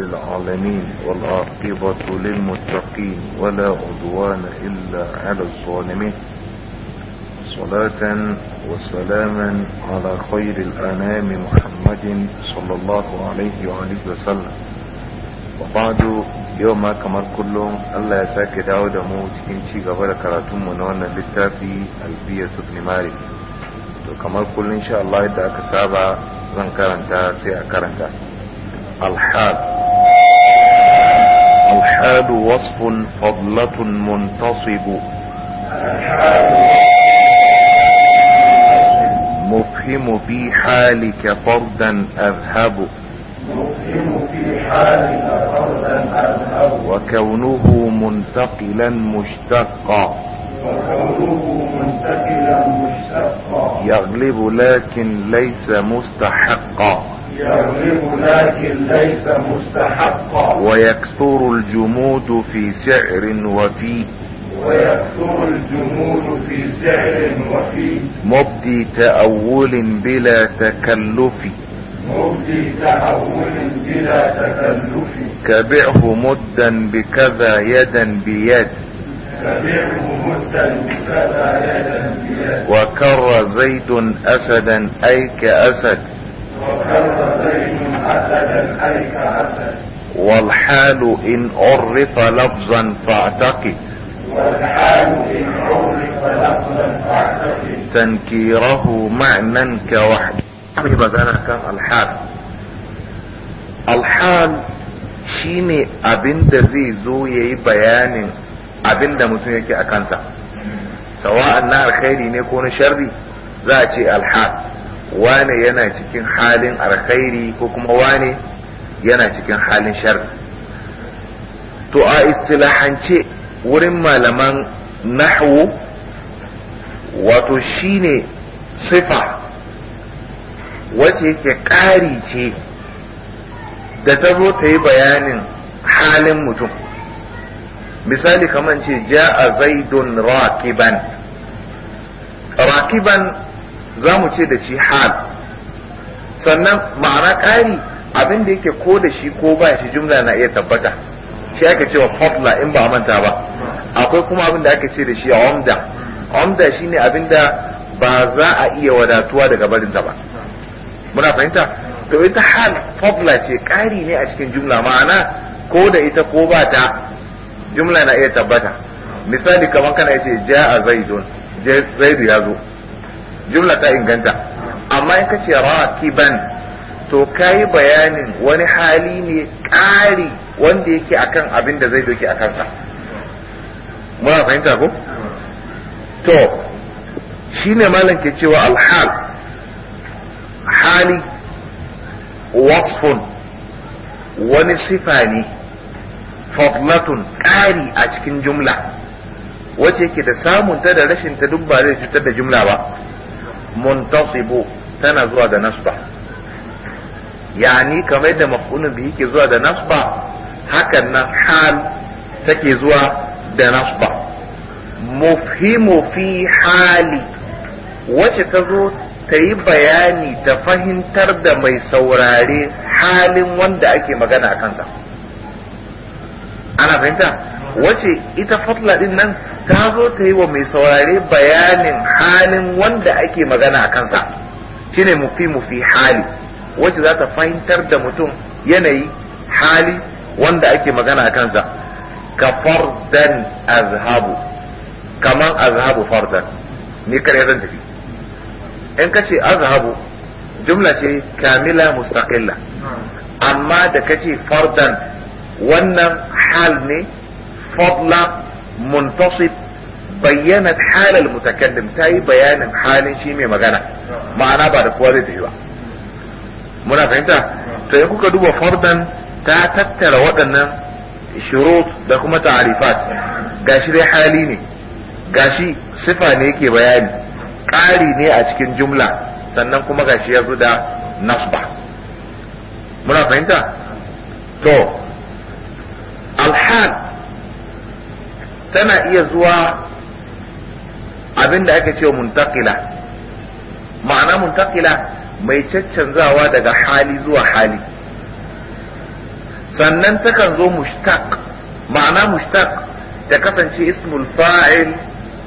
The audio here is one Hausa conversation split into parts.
العالمين والعاقبة للمتقين ولا عدوان إلا على الظالمين صلاة وسلاما على خير الأنام محمد صلى الله عليه وآله وسلم وبعد يوم كما كلهم الله يساك دعوة موت كنشي قبل كراتم ونوانا للتافي البيئة ابن مالك كما كل إن شاء الله إذا أكسابا زنكرنتا سيأكرنتا الحال الحال وصف فضلة منتصب مفهم في حالك فردا أذهب وكونه منتقلا مشتقا يغلب لكن ليس مستحقا يغلب لكن ليس مستحقا ويكثر الجمود في سعر وفي ويكثر الجمود في سعر وفي مبدي تأول بلا تكلف مبدي تأول بلا تكلف كبعه مدا بكذا يدا بيد وكر زيد أسدا أي كأسد وكر والحال إن عرف لفظا فاعتقد والحال إن عرف لفظا فاعتقد تنكيره معنى كوحد أحبب ذلك الحال الحال شيني أبن تزيزو يي بيان أبن دمتنك أكانسا سواء النار خيري نكون شربي ذاتي الحال wane yana cikin halin alkhairi ko kuma wane yana cikin halin shar to a istilahance wurin malaman nahwu wato shine sifa wacce yake ƙari ce da ta zo ta yi bayanin halin mutum misali kamar ce ja a zaidun rakiban rakiban za mu ce da shi hal sannan ma'ana ƙari abin da yake ko da shi ko ba shi jumla na iya tabbata shi aka wa fadla in ba manta ba akwai kuma abin da aka ce da shi omda omda ne abin da ba za a iya wadatuwa daga barinsa ba muna fahimta to ita hal fadla ce ƙari ne a cikin jumla ma'ana ko da ita ko ba ta jumla na iya tabbata misali kamar kana yace a zaidun zaidu ya zo jumla ta inganta amma in kace rakiban to kai bayanin wani hali ne ƙari wanda yake akan abin da zai doke a kansa muna fahimta ko to shine malam ke cewa alhal hali wasfun wani sifa ne fadlatun ƙari a cikin jumla wace yake da samunta da rashin ta duk ba zai cutar da jumla ba muntasibu tana zuwa da nasba yani kamar da maf'ulun bihi ke zuwa da nasba hakan na hal take zuwa da nasba mufhimu fi hali wacce ta zo ta yi bayani ta fahimtar da mai saurare halin wanda ake magana a kansa ana fahimta wace ita fatla din nan ta zo ta yi wa mai saurare bayanin halin wanda ake magana a kansa shine mufi mufi hali wacce za ta fahimtar da mutum yanayi hali wanda ake magana a kansa ka fardan azhabu kaman azhabu fardan ni kare zan tafi in ka ce azhabu jumla ce kamila mustaqilla amma da ka ce fardan wannan hal ne فضل منتصب بينت حال ta yi bayanin halin shi mai magana ma'ana ba da kowa zai tafi ba muna fahimta to in kuka duba fardan ta tattara waɗannan shurut da kuma ta'arifat gashi dai hali ne gashi sifa ne yake bayani ƙari ne a cikin jumla sannan kuma gashi ya zo da nasba muna fahimta to alhal tana iya zuwa abin da aka cewa muntakila ma'ana muntakila mai caccanzawa daga hali zuwa hali sannan takan zo mushtaq ma'ana mushtaq ta kasance ismul fa'il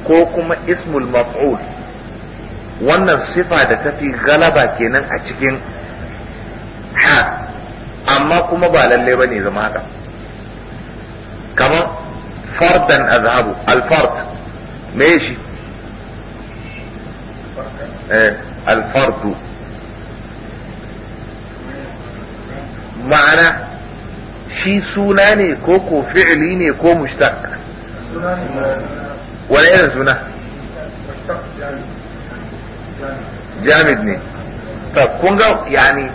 ko kuma ismul maf'ul wannan sifa da tafi galaba kenan a cikin ha amma kuma ba lalle bane zama haka فردا اذهبه الفرد ماشي إيه. الفرد معنى شي سوناني كوكو فعليني كو مشتق ولا ايه سوناني جامدني ني طب كونغا يعني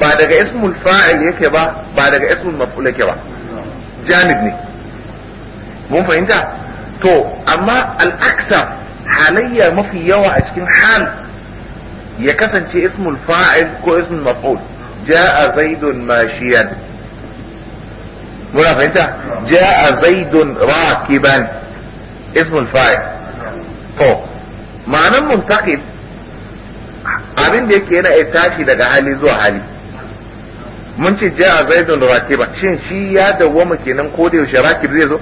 بعدك اسم الفاعل يكي با بعد اسم المفعول يكي با جامد ني mun fahimta to amma al'aksa halayya mafi yawa a cikin hal ya kasance ismul fa'il ko ismul maf'ul ja'a zaidun mashiyan muna fahimta ja'a zaidun rakiban ismul fa'il to ma'anan muntaqil abin da yake yana iya tashi daga hali zuwa hali mun ce ja'a zaidun rakiban shin shi ya dawwama kenan ko da yaushe rakib zai zo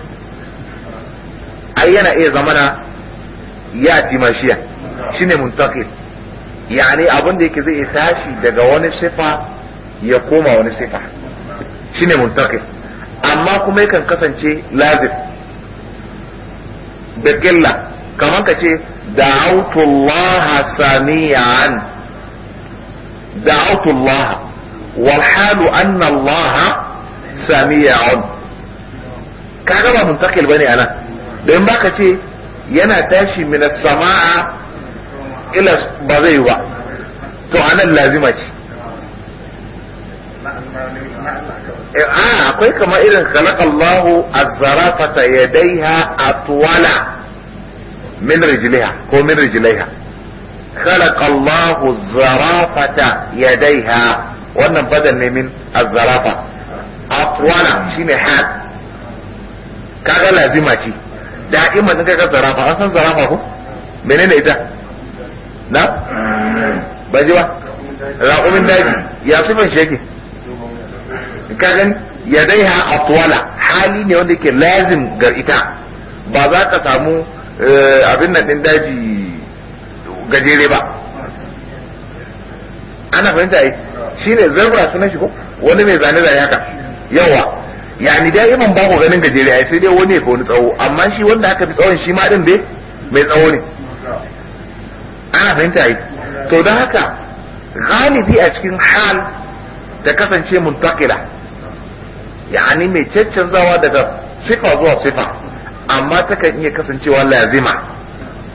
yana iya zamana ya timashiya mashiya shine muntaqil yani abin da yake zai iya tashi daga wani sifa ya koma wani sifa shine muntaqil amma kuma yakan kasance lazim da qilla kamar ka ce da'awtu Allah sami'an da'awtu Allah wal halu anna Allah sami'un kaga ba muntaqil bane anan da in baka ce yana tashi min sama'a ila ba zai ba to anan lazima ce eh, a akwai kama irin khalaqallahu az-zarafata yadayha atwala min rijliha ko min rijlaiha khalaqallahu az-zarafata yadayha wannan badal ne min az-zarafa atwala shine had kaga lazima ce da'ima sun kan zarafa an san zarafa ko menene ita na ba ji ba raƙumin daji ya sufan shege kagan ya dai ha atwala hali ne wanda yake lazim ga ita ba za ka samu eh, abin nan din daji gajere ba ana fahimta yi shine zebra sunan shi ko wani mai zane zane haka yawa yani dai imam ba ku ganin gajere ai sai dai wani ya wani tsawo amma shi wanda aka fi tsawon shi ma din dai mai tsawo ne ana fahimta yi to don haka galibi a cikin hal ta kasance muntakila yani mai caccanzawa daga sifa zuwa sifa amma kan iya kasancewa lazima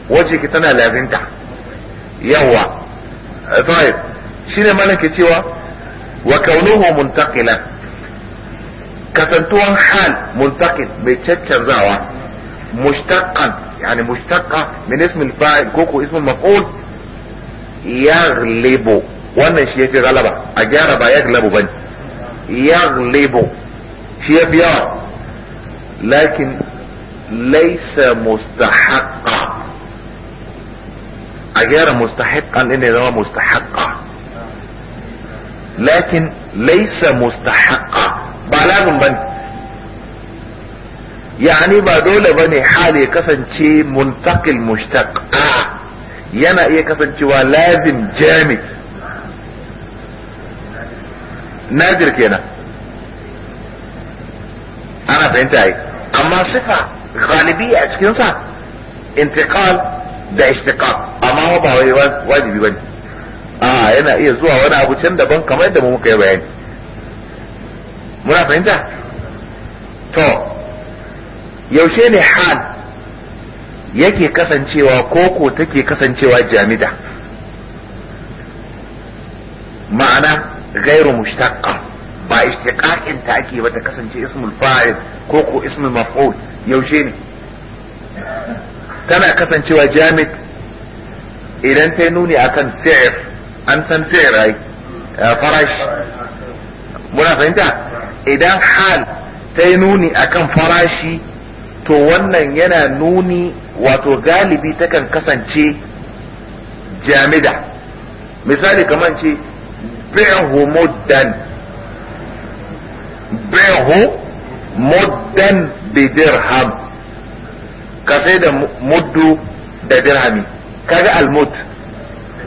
waje ki tana lazinta yawa Shi ne مالك cewa wa kaunuhu muntakilan kasantuwan hal muntaqid mai caccanzawa mushtaqqan yani mushtaqqa min ism al-fa'il ko ko ism al-maf'ul yaghlibu wannan shi yafi galaba a gyara ba yaglabu bane yaghlibu shi yafi yawa lakin laysa mustahaqqa a gyara mustahaqqan ne zama mustahaqqa lakin laysa mustahaqqa ba lazim bane yani ba dole bane hali ya kasance muntakil mushtaq yana iya kasancewa lazim jami nadir kenan ana fahimta yi amma sifa galibi a cikinsa intiqal da ishtiqaq amma ba wai wajibi bane a yana iya zuwa wani abu can daban kamar yadda mu muka yi bayani muna fahimta to yaushe ne hal yake kasancewa koko take kasancewa jamida ma'ana gairu mushtaqqa ba ishtiqaqin ta ake ba ta kasance ismul fa'il koko ismul maf'ul yaushe ne tana kasancewa jamid idan ta nuni akan si'ir an san si'ir ai eh, farash? muna fahimta idan hal ta yi nuni kan farashi to wannan yana nuni wato galibi takan kasance jamida misali kamar ce bi'hu modern bi'hu muddan bi dirham ka sai da muddu da dirhami kaga almud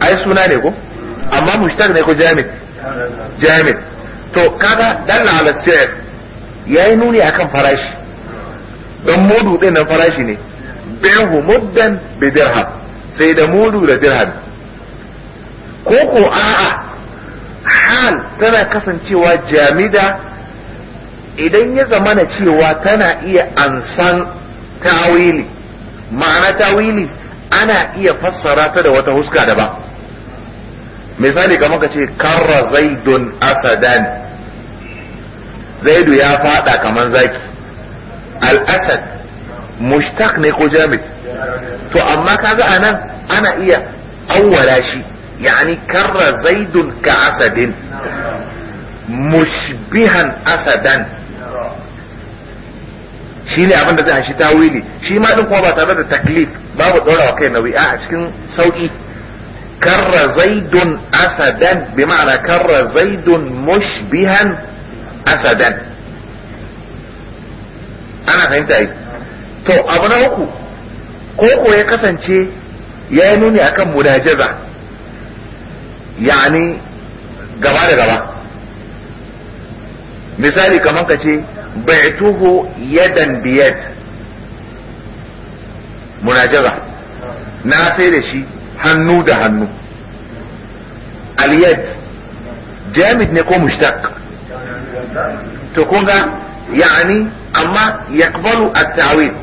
ai suna ne ko amma mushtar ne ko jamid jamid to kaga dan na ya yi nuni akan farashi don mudu ɗin na farashi ne bai muddan bi dirham sai da mudu da dirham ko ko a'a hal tana kasancewa jamida idan ya zamana cewa tana iya ansan tawili ma'ana tawili ana iya fassara ta da wata huska daban misali kamar ka ce karra zaidun asadan zaidu ya fada kamar zaki al-asad mushtaq ne ko jamid to amma kaga anan ana iya awwala shi yani karra zaidun ka asadin mushbihan asadan shi ne abin da zai hashi tawili shi ma din kuma ba tare da taklif babu ɗora kai nauyi a cikin sauki كر زيد أسدا بمعنى كر زيد مشبها أسدا أنا فهمت أي تو أبنا أكو كوكو يكسن شيء يانوني أكم مناجزة يعني gaba da gaba misali kamar ka ce baituhu yadan biyad munajaza na sai da shi hannu da hannu aliyad jamid ne ko mushtaq to kun ga yani amma yaqbalu at-ta'wil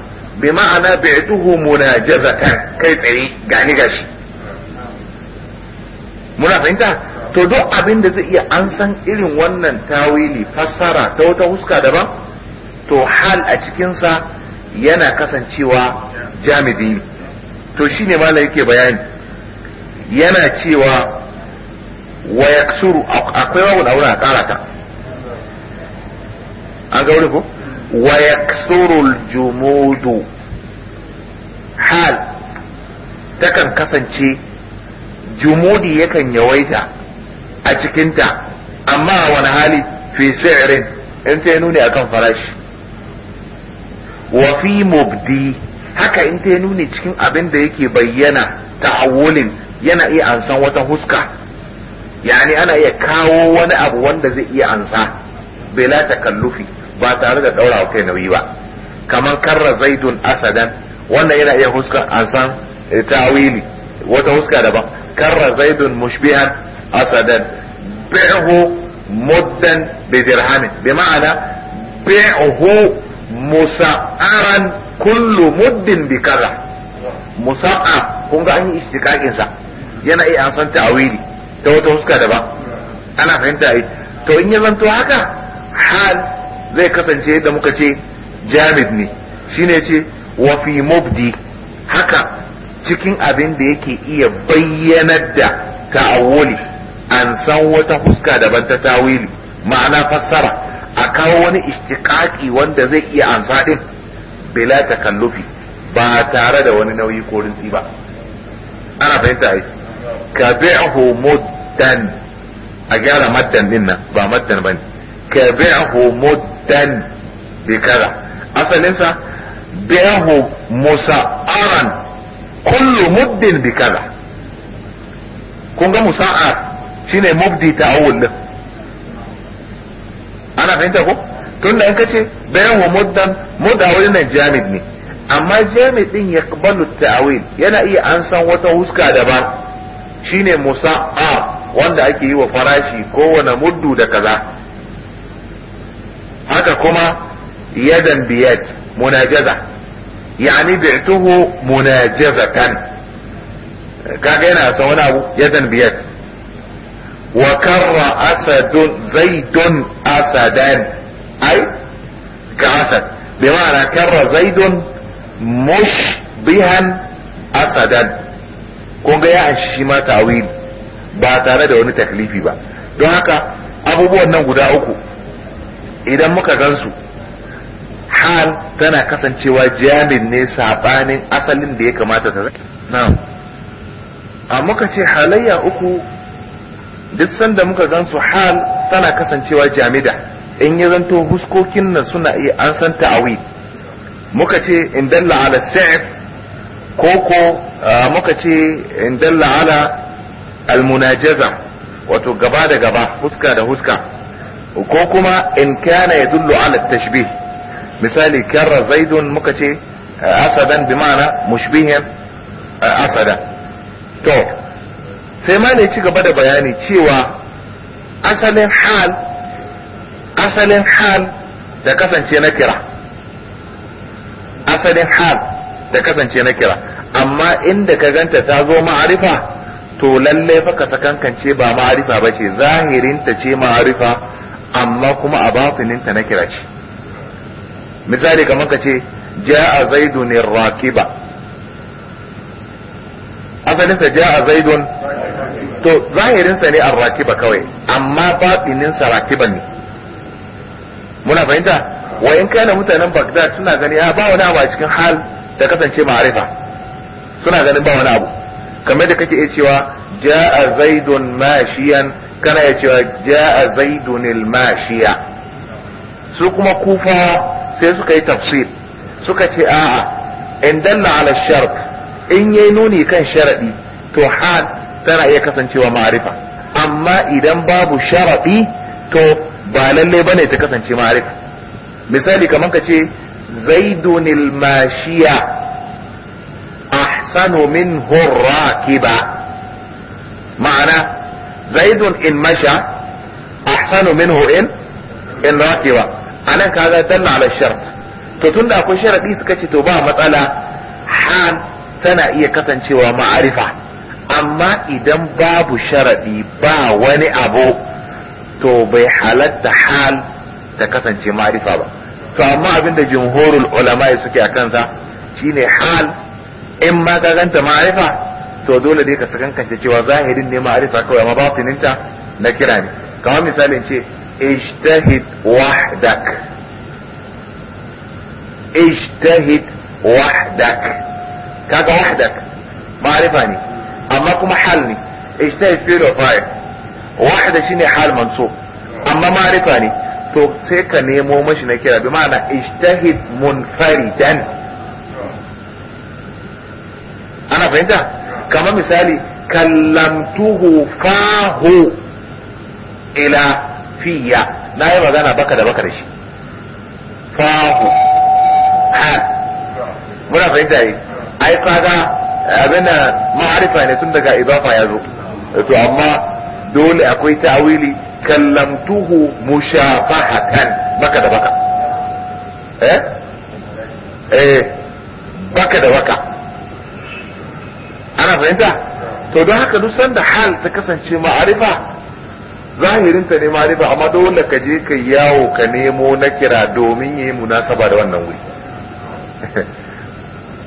bi ma'ana bi'tuhu munajazaka kai tsaye gani gashi muna fahimta to duk abin da zai iya an san irin wannan tawili fassara ta wata huska daban to hal a cikinsa yana kasancewa jamidi to shine mala yake bayani yana cewa wa yaksuru akwai wawun auna a ƙara ta an ga wuri ko wa jumudu hal takan kasance jumudi yakan yawaita a cikinta amma wani hali fi sirrin in ta nuni akan farashi wa fi mubdi haka in ta nuni cikin abin da yake bayyana ta'awulin yana iya ansan wata huska yani ana iya kawo wani abu wanda zai iya ansa bela takallufi ba tare da daura wa kai nauyi ba kamar karra zaidun asadan wannan yana iya huska ansan eh, tawili wata huska daban karra zaidun mushbihan asadan bi'hu muddan bi dirhamin bi ma'ana bi'hu musa'aran kullu muddin bi karra musa'a kun ga an yi istiqaqin sa yana iya an san ta'awili ta wata huska ba ana fahimta ai to in ya zanto haka hal zai kasance da muka ce jamid ne shine ce wa fi mubdi haka cikin abin da yake iya bayyanar da ta'awuli an san wata huska daban ta tawili ma'ana fassara a kawo wani istiqaqi wanda zai iya ansa din bila takallufi ba tare da wani nauyi ko rintsi ba ana fahimta ai ka bi'ahu muddan a gyara maddan din nan ba maddan bane ka bi'ahu muddan bi kaza asalin sa musa'aran kullu muddin bi kaza kun ga musa'ar shine mubdi ta'awul din ana fahimta ko tunda in kace bi'hu muddan mudda wannan jamid ne amma jami'in ya kabalu ta'awil yana iya an san wata huska daban shine musa a wanda ake yi wa farashi kowane muddu da kaza haka kuma yadan biyat munajaza yani bi'tuhu munajazatan kaga yana son wani abu yadan biyat wa karra asadun zaidun asadan ai ga asad bi ma'ana karra zaidun mushbihan asadan kun ga ya anshi shi ma tawili ba tare da wani taklifi ba don haka abubuwan nan guda uku idan muka gansu hal tana kasancewa jamin ne sabanin asalin da ya kamata ta zaki na'am a muka ce halayya uku duk sanda muka gansu hal tana kasancewa jamida in ya zanto huskokin nan suna iya an san ta'awi muka ce in ala sa'id koko muka ce in dalla ala almunajaza wato gaba da gaba huska da huska ko kuma in kana ya dullu ala tashbih misali karra zaidun muka ce asadan bi ma'ana mushbihin asada to sai ma ne ci gaba da bayani cewa asalin hal asalin hal da kasance na kira asalin hal ta kasance na kira amma inda ka ganta ta zo ma'arifa to lalle fa ka sakankance ba ma'arifa ba ce zahirinta ce ma'arifa amma kuma a ta na kira ce misali kamar ka ce ja'a zaidun rakiba asalinsa ja'a zaidun to zahirinsa ne rakiba kawai amma sa rakiba ne muna fahimta wa in kana mutanen Baghdad suna gani ya ah, ba wani abu a cikin hal ta kasance ma'arifa suna ganin ba wani abu kamar da kake iya cewa ja'a zaidun mashiyan kana iya cewa ja'a zaidun mashiya su kuma kufa sai suka yi tafsir suka ce a'a in danna ala shart in yayi nuni kan sharadi to had tana iya kasancewa ma'arifa amma idan babu sharadi to ba lalle bane ta kasance ma'arifa misali kamar ka ce zaidun al-mashiya ahsanu minhu ar-rakiba ma'ana zaidun in masha ahsanu minhu in in rakiba anan kaga dalla ala shart to tunda akwai sharadi suka ci to ba matsala han tana iya kasancewa ma'arifa amma idan babu sharaɗi ba wani abu to bai halatta hal ta kasance ma'arifa ba to amma abinda jumhurul ulama suke a kansa shine hal in ma ka ganta ma'arifa to dole dai ka sakankance cewa zahirin ne ma'arifa kawai amma batininta na kira ne kamar misalin ce ijtahid wahdak ijtahid wahdak kaga wahdak ma'arifa ne amma kuma hal ne ijtahid fi'l wa fa'il wahda shine hal mansub amma ma'arifa ne to sai ka nemo mashi na kira bi ma'ana ijtahid munfaridan ana fahimta kamar misali kallamtuhu fahu ila fiya na yi magana baka da baka da shi fahu ha muna fahimta yi ai kaga abin ma'arifa ne tun daga ibafa ya zo to amma dole akwai tawili. kallamtuhu mushafahatan baka da baka eh eh baka da baka ana fahimta to don haka duk sanda hal ta kasance ma'arifa zahirinta ne ma'arifa amma dole ka je ka yawo ka nemo na kira domin yi munasaba da wannan wuri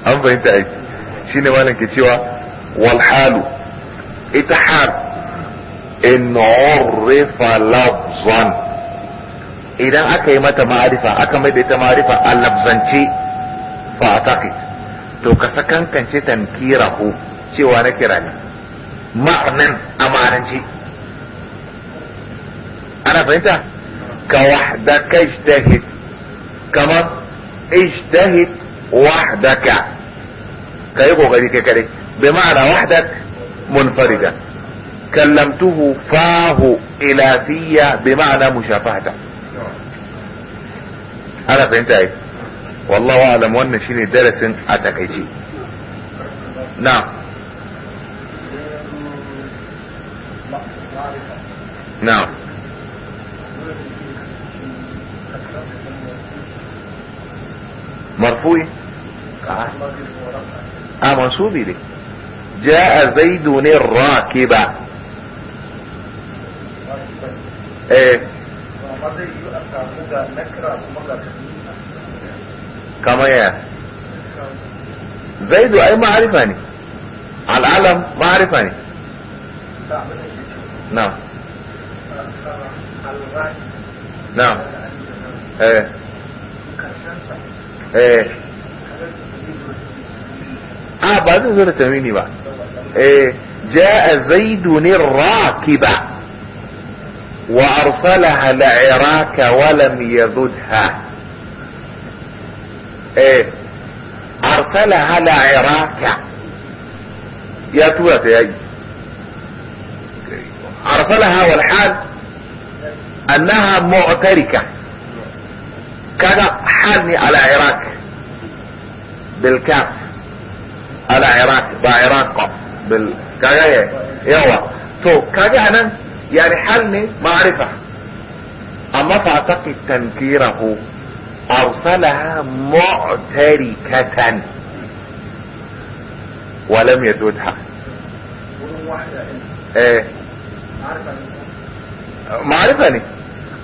an fahimta aiki shine malam ke cewa walhalu ita har in urrifa lafzan idan aka yi mata ma'arifa aka mai da ita ma'arifa a lafzance fa ataqi to ka sakankance tankirahu cewa na kira ne ma'anan amananci ana fahimta ka wahdaka ijtahid kamar ijtahid wahdaka kai kokari kai kadai bi ma'ana wahdak munfarida كلمته فاه الى فيا بمعنى مشافهته أنا فهمت إيه والله أعلم وانا شيني درس أتكيشي نعم نعم مرفوع آه. آه منصوب إليه جاء زيد الراكبة eh kama ya zaidu ai ma'arifa ne al'alam ma'arifa ne na na eh eh a ba zai zo da tamini ba eh ja'a zaidun rakiba وارسلها لعراك ولم يذدها ايه ارسلها لعراك يا توت يا ارسلها والحال انها معتركة كذا حالني على عراك بالكاف على عراك بعراق بالكاف كذا تو كذا انا يعني حلني معرفة أما تعتقد تنكيره أرسلها معتركة ولم يدودها ايه معرفة ليه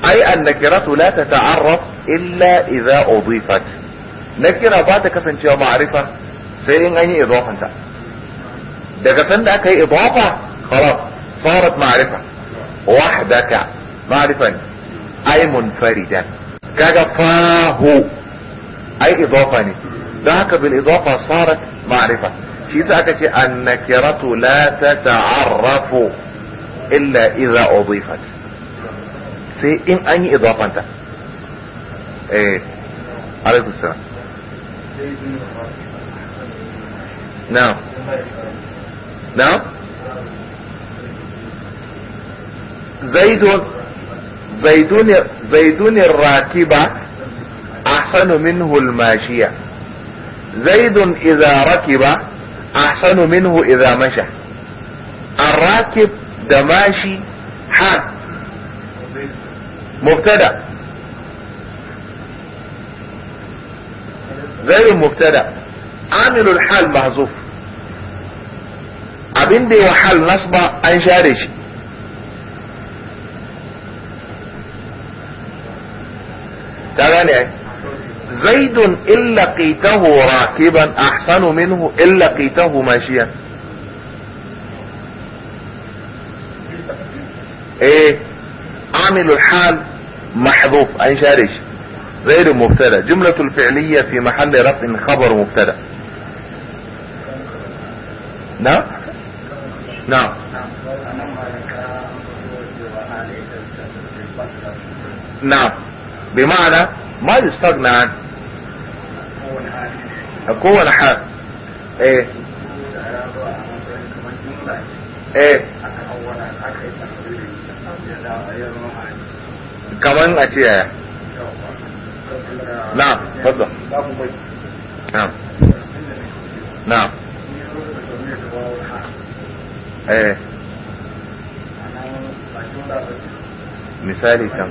أي النكرة لا تتعرف إلا إذا أضيفت نكرة بعد كسنشيها معرفة سيئن أي إضافة انت ده كسن أكي إضافة خلاص صارت معرفة وحدك معرفة أي منفردا كذا فاهو أي إضافة ني ذاك بالإضافة صارت معرفة شي سأكت النكرة لا تتعرف إلا إذا أضيفت سي إن أي إضافة أنت إيه عليكم السلام نعم نعم زيد زيدون زيدون الراكبة أحسن منه الماشية زيد إذا ركب أحسن منه إذا مشى الراكب دماشي حال مبتدا زيد مبتدا عامل الحال محذوف abin وحال ya hal يعني زيد إن لقيته راكبا أحسن منه إن لقيته ماشيا ايه عامل الحال محذوف اي شارش غير مبتدا جملة الفعلية في محل رفع خبر مبتدا نعم نعم نعم بمعنى ما يستغنى عنه قوة نحاس ايه ايه كمان اشياء نعم تفضل نعم نعم ايه مثالي كم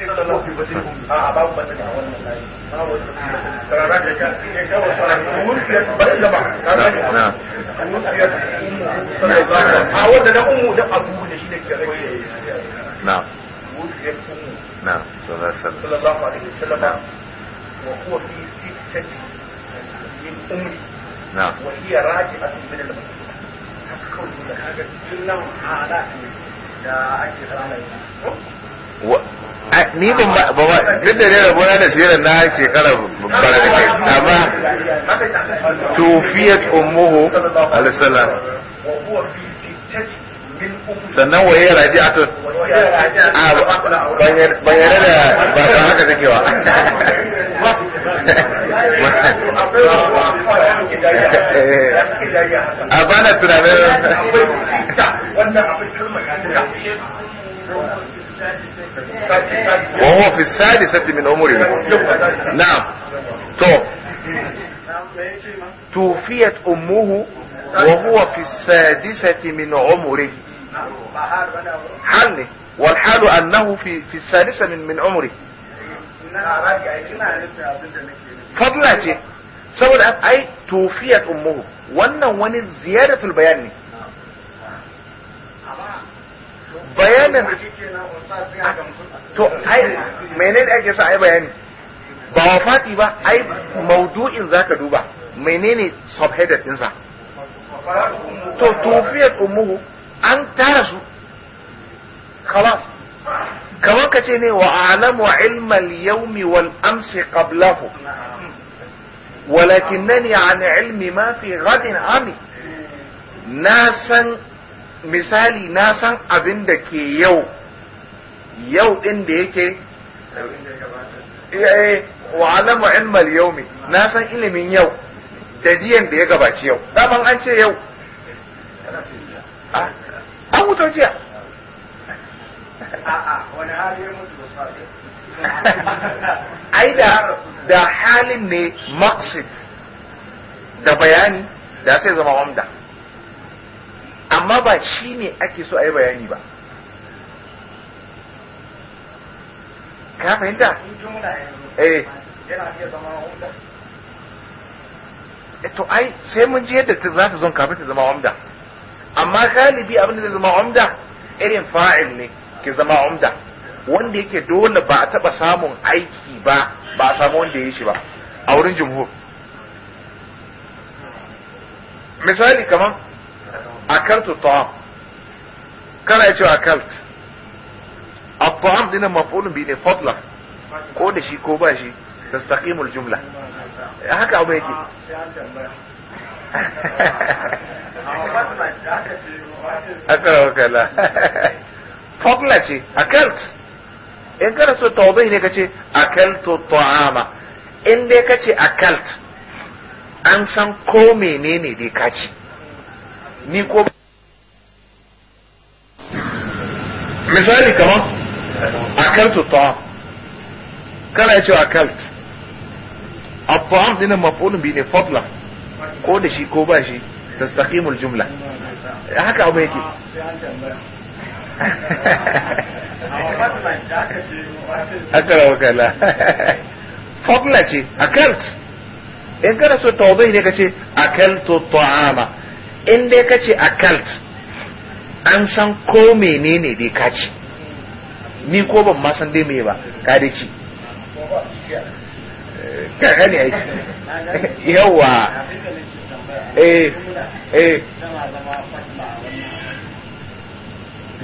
a babu ba daga wannan layi da ka ke kawo na na na na na ake samu ni din ba ba duk da dai rabona da shi sirar na da barka amma tufiyat ummuhu alisalam sannan waye raji a to bayyana da ba ba haka take wa a bana tunanin wannan abin kalmar ya وهو في السادسة من أمورنا نعم تو توفيت أمه وهو في السادسة من عمره حالني والحال أنه في في السادسة من من عمره فضلاتي سوى الأب أي توفيت أمه wani وني زيادة ne bayanin to ai menene ake sa ai bayani ba wafati ba ai maudu'in zaka duba menene subheaded ɗinsa to tufiyar ummuhu an tara su khalas kamar ka ce ne wa alamu ilmal yaumi wal amsi qablahu walakinnani an ilmi ma fi ghadin ami na san misali na san abin da ke yau yau ɗin da yake iyaye eh, eh, wa alama ilmal yaumi na san ilimin yau da jiyan da ya gabaci yau daman an ce yau ah, an wuto jiya ai da da halin ne maksid da bayani da sai zama wanda. amma ba shi ne ake so a yi bayani ba ka fahimta? eh, eh to ai sai mun ji yadda za ta zon kafin ta zama umda amma galibi abin da zai zama umda irin fa'il ne ke zama umda wanda yake dole ba a taba samun aiki ba ba a samu wanda ya yi shi ba a wurin jumhur misali kamar akaltu ta'am kana ya ce akalt at-ta'am dina maf'ulun bi ne fadla ko da ko ba shi tastaqimul jumla haka abu yake akara kala fadla ce akalt in kana so tawdih ne kace akaltu ta'ama in dai kace akalt an san ko menene dai kaci ni ko misali kamar akaltu ta'am kana cewa akalt at-ta'am din maf'ulun bi ne fadla ko da shi ko ba shi tastaqimul jumla haka abu yake akara wakala fadla ce akalt in kana so tawdih ne kace akaltu ta'ama in dai ka ce kalt an san ko menene dai ka ci ni ko ban ma san dai me ba ka dai ci eh, ka gani yawa eh eh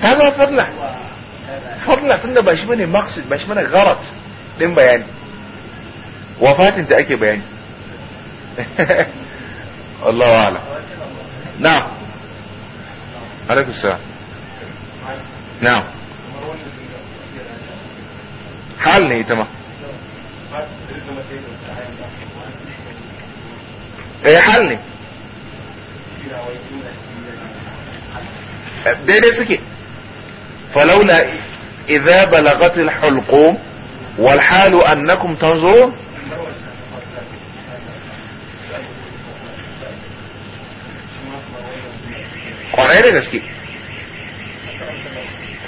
ta zama fadla fadla tunda ba shi bane maqsid ba shi bane gharat din bayani wafatin da ake bayani Allah wa'ala نعم عليكم السلام نعم حالني تمام ايه حالني دي دي سكي فلولا اذا بلغت الحلقوم والحال انكم تنظرون kwarai da gaske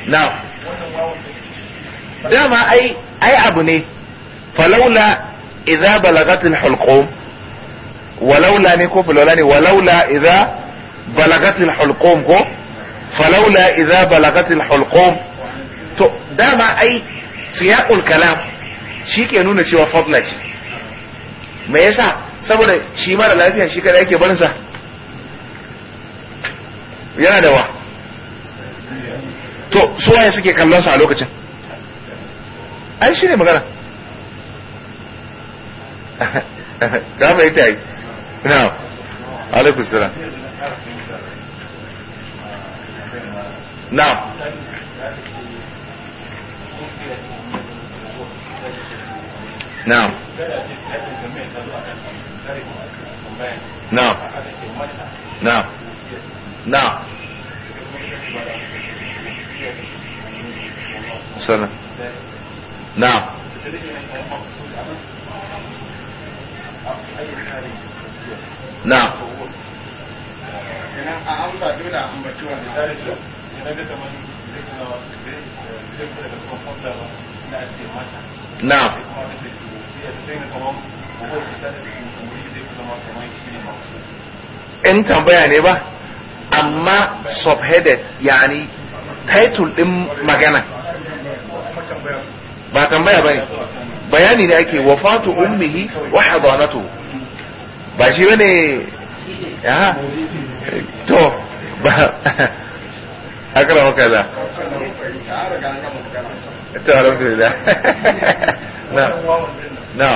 na dama ai ai abu ne falaula idza balagatil hulqum walaula ne ko falaula ne walaula idza balagatil hulqum ko falaula idza balagatil hulqum to dama ai siyaqul kalam shi ke nuna cewa fadla ce me yasa saboda shi mara lafiya shi kada yake barinsa sa yana da wa to su waye suke kallon su a lokacin ai shi ne magana ka mai ta yi na alaikun sura na na na na na sallam na na na in tambaya ne ba amma subheaded yani title din magana ba tambaya bane bayani ne ake wafatu ummihi wa hadanatu ba shi bane ya to ba akara maka da ita alhamdulillah na na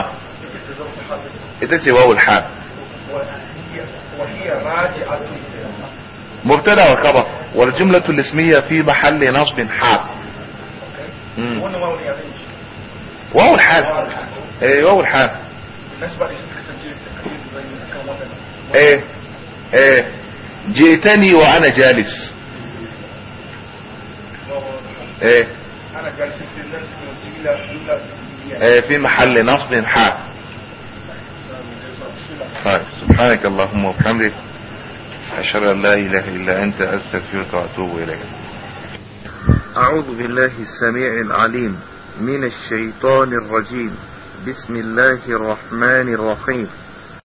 ita ce wawul hal وهي راجعة مبتدا وخبر والجملة الاسمية في محل نصب حال واو الحال ايه واو الحال ايه ايه جئتني وانا جالس ايه انا جالس في الناس ايه في محل نصب حال طيب،, طيب سبحانك اللهم وبحمدك أشهد أن لا إله إلا أنت أستغفرك وأتوب إليك أعوذ بالله السميع العليم من الشيطان الرجيم بسم الله الرحمن الرحيم